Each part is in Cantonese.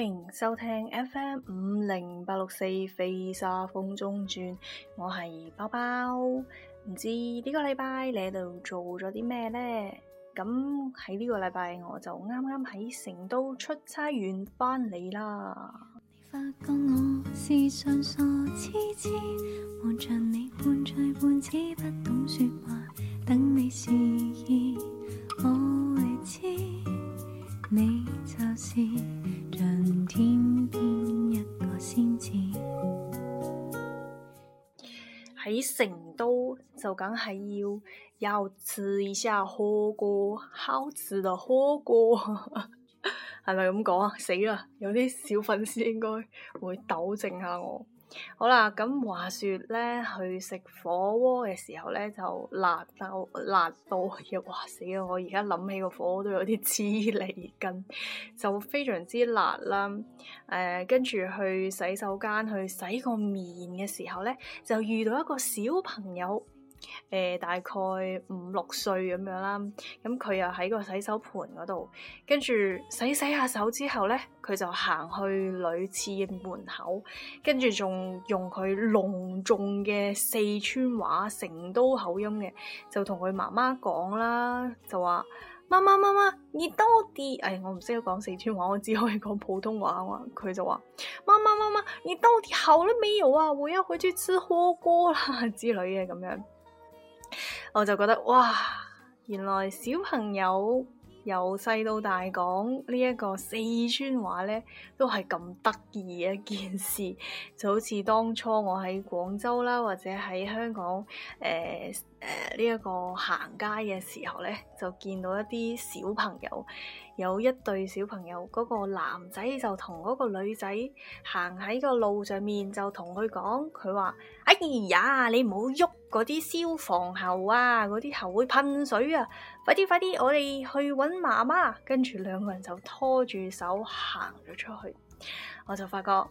歡迎收聽 FM 五零八六四《飛沙風中轉》，我係包包，唔知呢個禮拜你喺度做咗啲咩呢？咁喺呢個禮拜我就啱啱喺成都出差完翻嚟啦。你發覺我是上傻痴痴，望着你半醉半痴，不懂說話，等你示意，我會知，你就是。喺成都就梗係要要吃一下火鍋，好吃的火鍋，係咪咁講啊？死啦，有啲小粉絲應該會糾正下我。好啦，咁話說咧，去食火鍋嘅時候咧，就辣到辣到，又哇死啊！我而家諗起個火鍋都有啲黐脷筋，就非常之辣啦。誒、呃，跟住去洗手間去洗個面嘅時候咧，就遇到一個小朋友。誒、呃，大概五六歲咁樣啦，咁、嗯、佢又喺個洗手盆嗰度，跟住洗洗下手之後咧，佢就行去女廁嘅門口，跟住仲用佢隆重嘅四川話成都口音嘅，就同佢媽媽講啦，就話媽媽媽媽，你多啲，哎，我唔識得講四川話，我只可以講普通話。佢就話媽媽媽媽，你到底好了沒有啊？我要回去吃火鍋啦之類嘅咁樣。我就覺得哇，原來小朋友由細到大講呢一個四川話呢，都係咁得意嘅一件事。就好似當初我喺廣州啦，或者喺香港，誒誒呢一個行街嘅時候呢，就見到一啲小朋友。有一對小朋友，嗰、嗰個男仔就同嗰個女仔行喺個路上面，就同佢講，佢話：哎呀，你唔好喐嗰啲消防喉啊，嗰啲喉會噴水啊！快啲，快啲，我哋去揾媽媽。跟住兩個人就拖住手行咗出去。我就發覺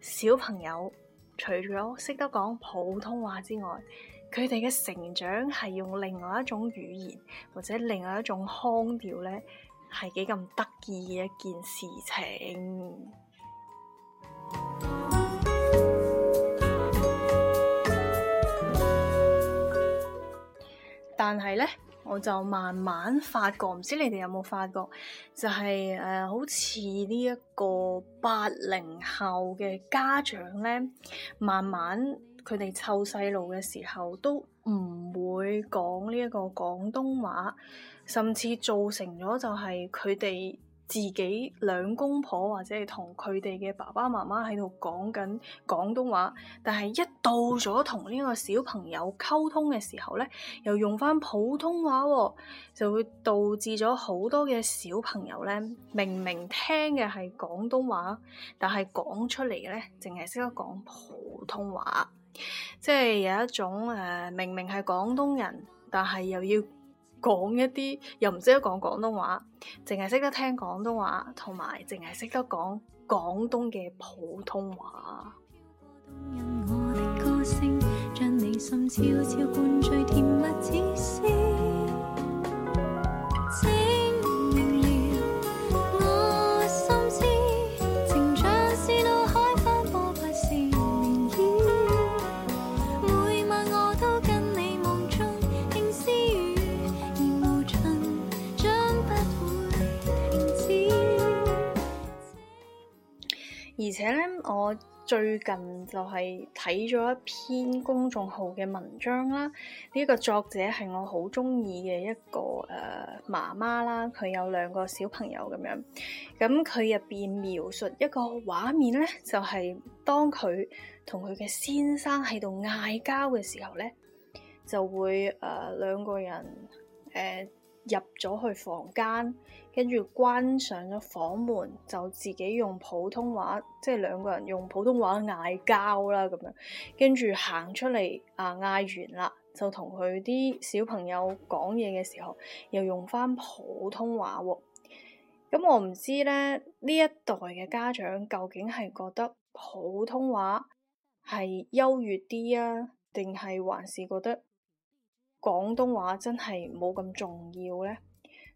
小朋友除咗識得講普通話之外，佢哋嘅成長係用另外一種語言或者另外一種腔調呢，係幾咁得意嘅一件事情，但係咧，我就慢慢發覺，唔知你哋有冇發覺，就係、是、誒、呃，好似呢一個八零後嘅家長咧，慢慢。佢哋湊細路嘅時候都唔會講呢一個廣東話，甚至造成咗就係佢哋自己兩公婆或者係同佢哋嘅爸爸媽媽喺度講緊廣東話，但係一到咗同呢個小朋友溝通嘅時候呢，又用翻普通話，哦，就會導致咗好多嘅小朋友呢，明明聽嘅係廣東話，但係講出嚟呢，淨係識得講普通話。即係有一種誒、呃，明明係廣東人，但係又要講一啲，又唔識得講廣東話，淨係識得聽廣東話，同埋淨係識得講廣東嘅普通話。 最近就係睇咗一篇公眾號嘅文章啦，呢、這個作者係我好中意嘅一個誒媽媽啦，佢、呃、有兩個小朋友咁樣，咁佢入邊描述一個畫面呢，就係、是、當佢同佢嘅先生喺度嗌交嘅時候呢，就會誒兩、呃、個人誒。呃入咗去房間，跟住關上咗房門，就自己用普通話，即係兩個人用普通話嗌交啦咁樣。跟住行出嚟啊，嗌完啦，就同佢啲小朋友講嘢嘅時候，又用翻普通話喎、哦。咁、嗯、我唔知咧，呢一代嘅家長究竟係覺得普通話係優越啲啊，定係還是覺得，廣東話真係冇咁重要呢，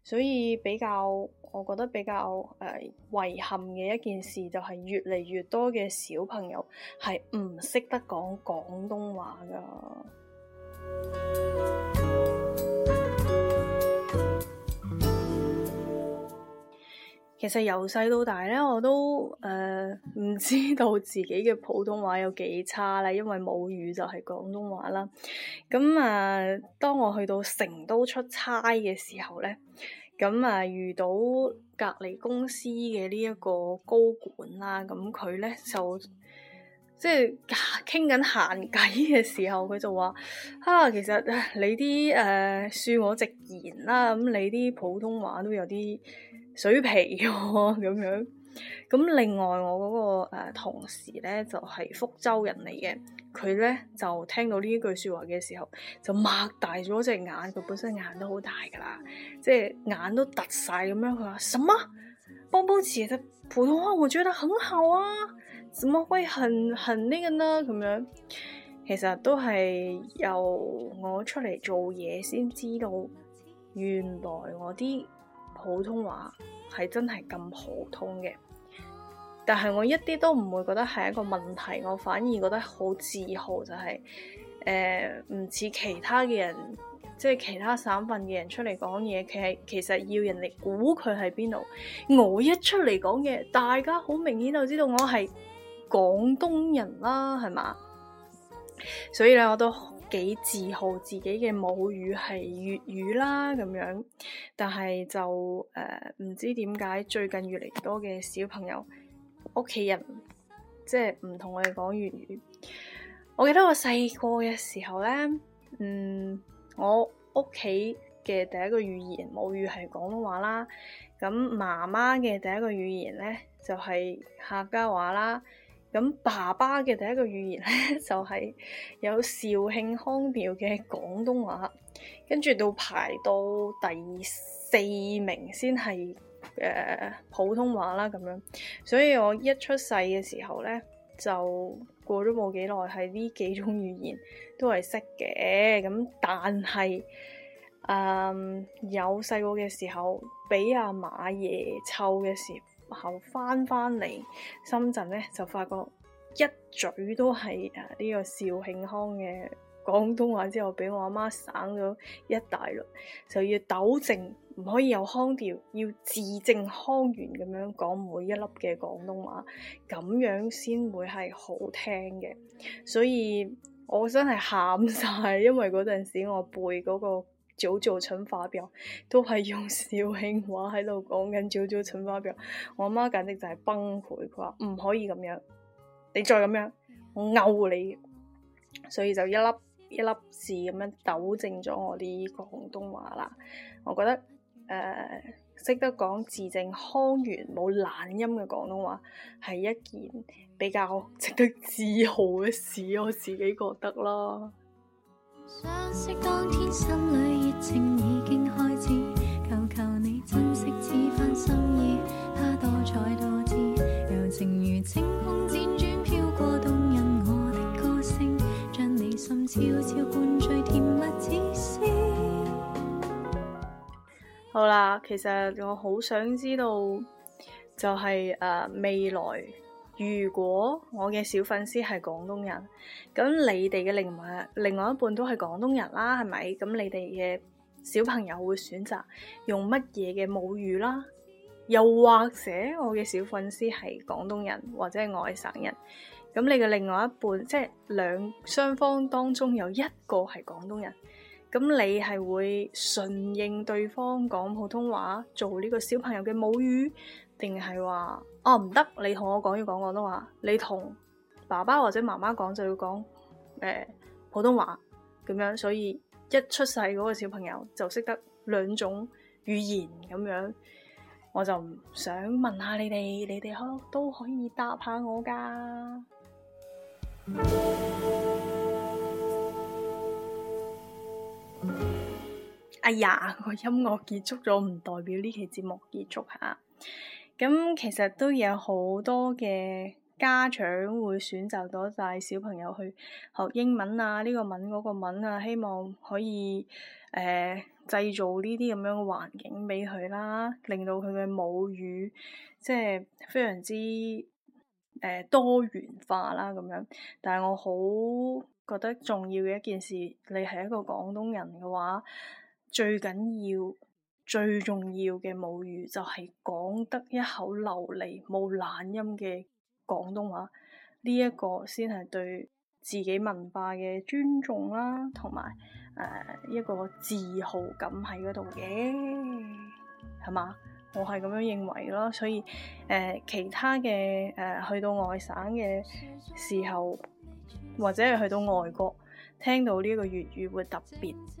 所以比較我覺得比較誒、呃、遺憾嘅一件事，就係越嚟越多嘅小朋友係唔識得講廣東話噶。其實由細到大咧，我都誒唔、呃、知道自己嘅普通話有幾差啦，因為母語就係廣東話啦。咁啊，當我去到成都出差嘅時候咧，咁啊遇到隔離公司嘅呢一個高管啦，咁佢咧就即係傾緊閒偈嘅時候，佢就話：啊，其實你啲誒，恕我直言啦，咁你啲普通話都有啲。水皮喎、啊、咁樣，咁另外我嗰、那個、呃、同事咧就係、是、福州人嚟嘅，佢咧就聽到呢一句説話嘅時候，就擘大咗隻眼，佢本身眼都好大噶啦，即係眼都凸晒。咁樣。佢話：什麼？波波姐嘅普通話，我覺得很好啊，怎麼會很很呢個呢？咁樣其實都係由我出嚟做嘢先知道，原來我啲。普通話係真係咁普通嘅，但係我一啲都唔會覺得係一個問題，我反而覺得好自豪，就係誒唔似其他嘅人，即係其他省份嘅人出嚟講嘢，其實其實要人哋估佢係邊度，我一出嚟講嘢，大家好明顯就知道我係廣東人啦，係嘛，所以咧我都好。幾自豪自己嘅母語係粵語啦咁樣，但係就誒唔知點解最近越嚟越多嘅小朋友、屋企人即係唔同我哋講粵語。我記得我細個嘅時候咧，嗯，我屋企嘅第一個語言母語係廣東話啦，咁媽媽嘅第一個語言咧就係客家話啦。咁爸爸嘅第一個語言咧就係、是、有肇慶腔調嘅廣東話，跟住到排到第四名先係誒普通話啦咁樣，所以我一出世嘅時候咧就過咗冇幾耐，係呢幾種語言都係識嘅，咁但係誒、呃、有細個嘅時候俾阿馬爺湊嘅時。後翻翻嚟深圳咧，就發覺一嘴都係啊呢個肇慶腔嘅廣東話，之後俾我阿媽省咗一大輪，就要糾正，唔可以有腔調，要字正腔圓咁樣講每一粒嘅廣東話，咁樣先會係好聽嘅，所以我真係喊晒，因為嗰陣時我背嗰個。九九乘法表都係用肇慶話喺度講緊九九乘法表，我媽簡直就係崩潰，佢話唔可以咁樣，你再咁樣，我嬲你。所以就一粒一粒字咁樣糾正咗我啲廣東話啦。我覺得誒識、呃、得講字正腔圓冇懶音嘅廣東話係一件比較值得自豪嘅事，我自己覺得咯。相識當天，心裏熱情已經開始，求求你珍惜此番心意，它多彩多姿。柔情如清風輾轉飄過，動人。我的歌聲，將你心悄悄灌醉，甜蜜自私。好啦，其實我好想知道、就是，就係誒未來。如果我嘅小粉絲係廣東人，咁你哋嘅另外另外一半都係廣東人啦，係咪？咁你哋嘅小朋友會選擇用乜嘢嘅母語啦？又或者我嘅小粉絲係廣東人或者係外省人，咁你嘅另外一半即係兩雙方當中有一個係廣東人。咁你係會順應對方講普通話做呢個小朋友嘅母語，定係話哦唔得，你同我講要講廣東話，你同爸爸或者媽媽講就要講誒、呃、普通話咁樣，所以一出世嗰個小朋友就識得兩種語言咁樣，我就唔想問下你哋，你哋可都可以答下我噶。 哎呀，個音樂結束咗，唔代表呢期節目結束吓。咁其實都有好多嘅家長會選擇咗帶小朋友去學英文啊，呢個文嗰個文啊，希望可以誒製造呢啲咁樣嘅環境俾佢啦，令到佢嘅母語即係非常之誒多元化啦咁樣。但係我好覺得重要嘅一件事，你係一個廣東人嘅話。最緊要最重要嘅母語就係講得一口流利冇懶音嘅廣東話，呢、這、一個先係對自己文化嘅尊重啦，同埋誒一個自豪感喺嗰度嘅，係嘛？我係咁樣認為咯，所以誒、呃、其他嘅誒、呃、去到外省嘅時候，或者係去到外國聽到呢一個粵語會特別。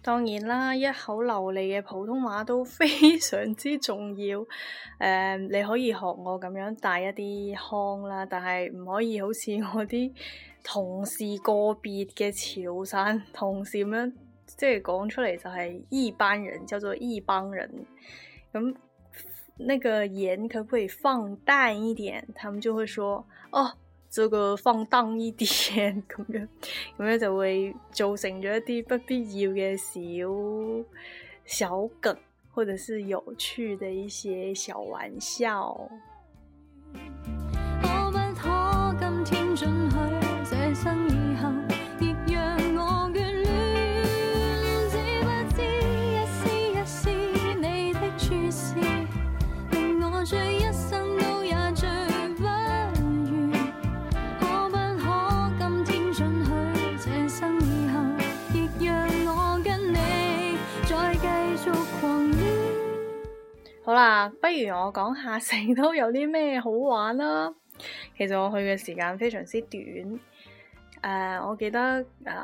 當然啦，一口流利嘅普通話都非常之重要。誒、呃，你可以學我咁樣帶一啲腔啦，但係唔可以好似我啲同事個別嘅潮汕同事咁樣，即係講出嚟就係一般人，叫做一幫人。咁、嗯、呢、那個鹽可唔可以放大一點？他們就會說：哦。做個放蕩一啲嘢咁樣，咁咧就會造成咗一啲不必要嘅小小梗，或者是有趣的一些小玩笑。好啦，不如我講下成都有啲咩好玩啦。其實我去嘅時間非常之短，誒、呃，我記得誒喺、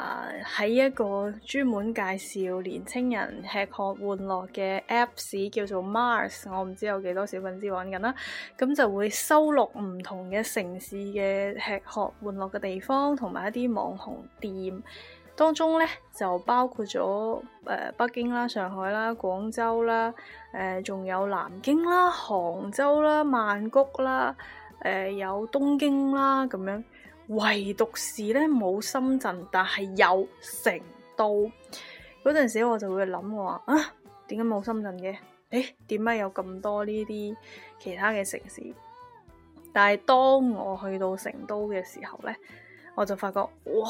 呃、一個專門介紹年青人吃喝玩樂嘅 apps，叫做 Mars，我唔知有幾多少小粉絲玩緊啦。咁就會收錄唔同嘅城市嘅吃喝玩樂嘅地方，同埋一啲網紅店。當中咧就包括咗誒、呃、北京啦、上海啦、廣州啦，誒、呃、仲有南京啦、杭州啦、曼谷啦，誒、呃、有東京啦咁樣，唯獨是咧冇深圳，但係有成都。嗰陣時我就會諗我話啊，點解冇深圳嘅？誒、欸，點解有咁多呢啲其他嘅城市？但係當我去到成都嘅時候咧，我就發覺哇！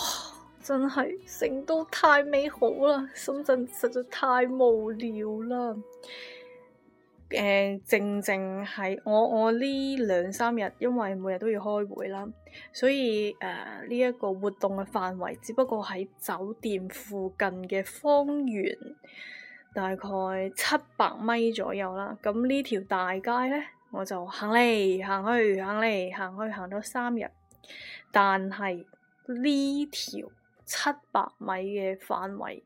真係成都太美好啦，深圳實在太無聊啦。誒、呃，正正係我我呢兩三日，因為每日都要開會啦，所以誒呢一個活動嘅範圍，只不過喺酒店附近嘅方圓大概七百米左右啦。咁呢條大街咧，我就行嚟行去，行嚟行去行咗三日，但係呢條七百米嘅範圍，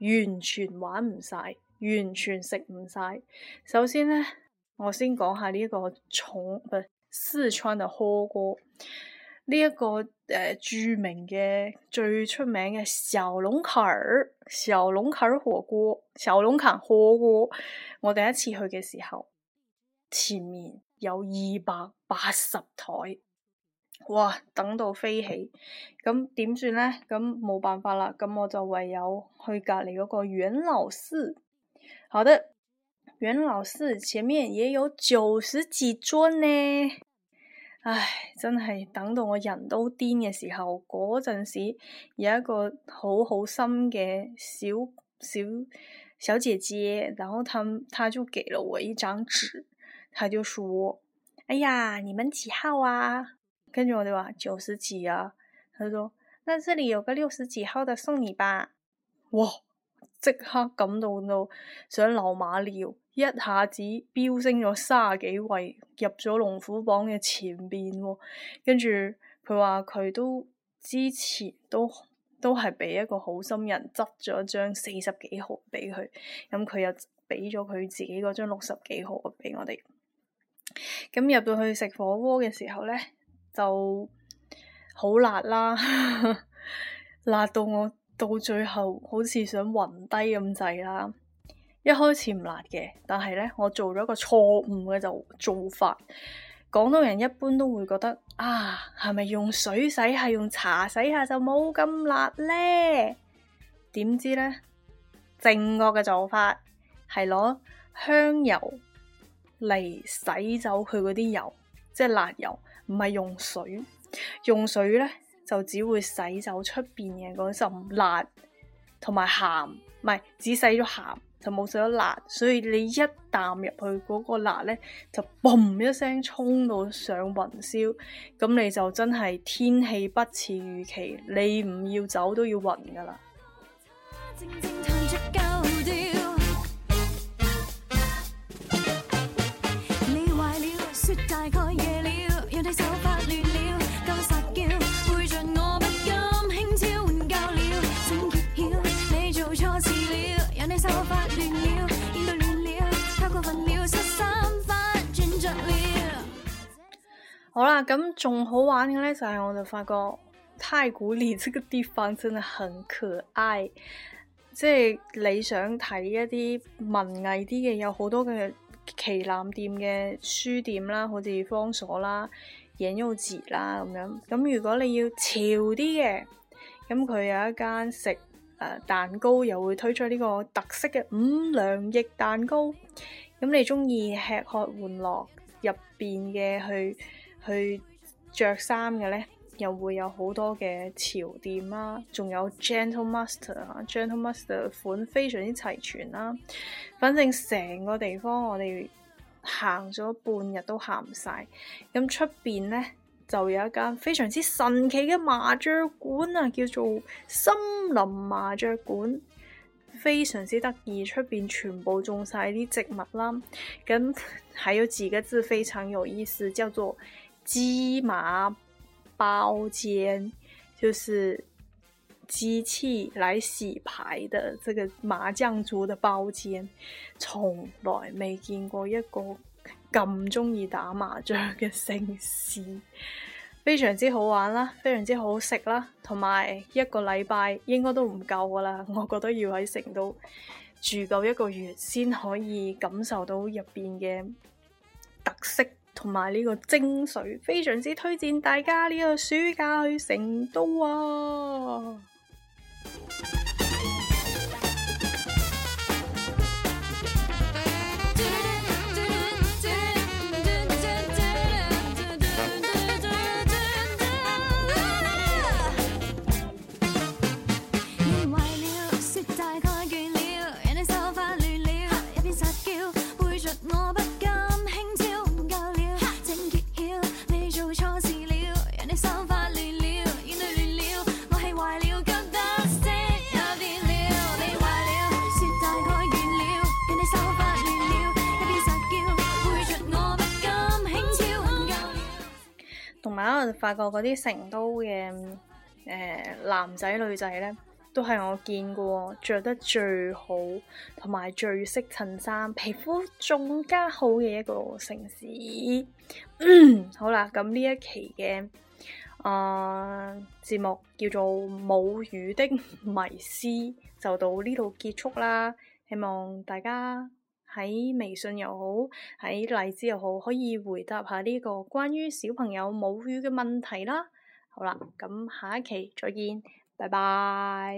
完全玩唔晒，完全食唔晒。首先呢，我先講下呢一個重，唔係四川嘅火鍋，呢、這、一個誒、呃、著名嘅最出名嘅小龍坎、小龍坎火鍋、小龍坎火鍋。我第一次去嘅時候，前面有二百八十台。哇！等到飛起，咁點算呢？咁冇辦法啦，咁我就唯有去隔籬嗰個袁老師。好的，袁老師前面也有九十幾桌呢。唉，真係等到我人都癲嘅時候，嗰陣時有一個好好心嘅小小小姐姐，然後她他，他就給了我一張紙，他就說：，哎呀，你們幾號啊？跟住我哋話九十幾啊，佢就說：，那這裏有個六十幾號的送你吧。哇，即刻感動到想流馬尿，一下子飆升咗三十幾位入咗龍虎榜嘅前邊，哦。跟住佢話佢都之前都都係俾一個好心人執咗張四十幾號畀佢，咁佢又畀咗佢自己嗰張六十幾號畀我哋。咁入到去食火鍋嘅時候呢。就好辣啦， 辣到我到最後好似想暈低咁滯啦！一開始唔辣嘅，但係呢，我做咗個錯誤嘅就做法。廣東人一般都會覺得啊，係咪用水洗係用茶洗下就冇咁辣呢？點知呢，正確嘅做法係攞香油嚟洗走佢嗰啲油，即係辣油。唔係用水，用水呢就只會洗走出面嘅嗰種辣同埋鹹，唔係只洗咗鹹就冇洗咗辣，所以你一啖入去嗰個辣呢，就嘣一聲衝到上雲霄，咁你就真係天氣不似預期，你唔要走都要暈噶啦。正正正正好啦，咁仲好玩嘅呢，就係我就發覺太古里這個地方真係很可愛。即係你想睇一啲文藝啲嘅，有好多嘅旗艦店嘅書店啦，好似方所啦、言幾又啦咁樣。咁如果你要潮啲嘅，咁佢有一間食誒蛋糕，又會推出呢個特色嘅五糧液蛋糕。咁你中意吃喝玩樂入邊嘅去。去着衫嘅呢，又會有好多嘅潮店啦、啊，仲有 Gentle Master 啊，Gentle Master 款非常之齊全啦、啊。反正成個地方我哋行咗半日都行唔晒。咁出邊呢，就有一間非常之神奇嘅麻雀館啊，叫做森林麻雀館，非常之得意。出邊全部種晒啲植物啦、啊。咁還有自己字非常有意思，叫做。機麻包間，就是機器來洗牌的這個麻將桌的包間，從來未見過一個咁中意打麻將嘅城市，非常之好玩啦，非常之好食啦，同埋一個禮拜應該都唔夠噶啦，我覺得要喺成都住夠一個月先可以感受到入邊嘅特色。同埋呢個精髓，非常之推薦大家呢個暑假去成都啊！發覺嗰啲成都嘅誒、呃、男仔女仔咧，都係我見過着得最好，同埋最識襯衫，皮膚仲加好嘅一個城市。嗯、好啦，咁呢一期嘅啊節目叫做《母語的迷思》就到呢度結束啦。希望大家～喺微信又好，喺荔枝又好，可以回答下呢個關於小朋友母語嘅問題啦。好啦，咁下一期再見，拜拜。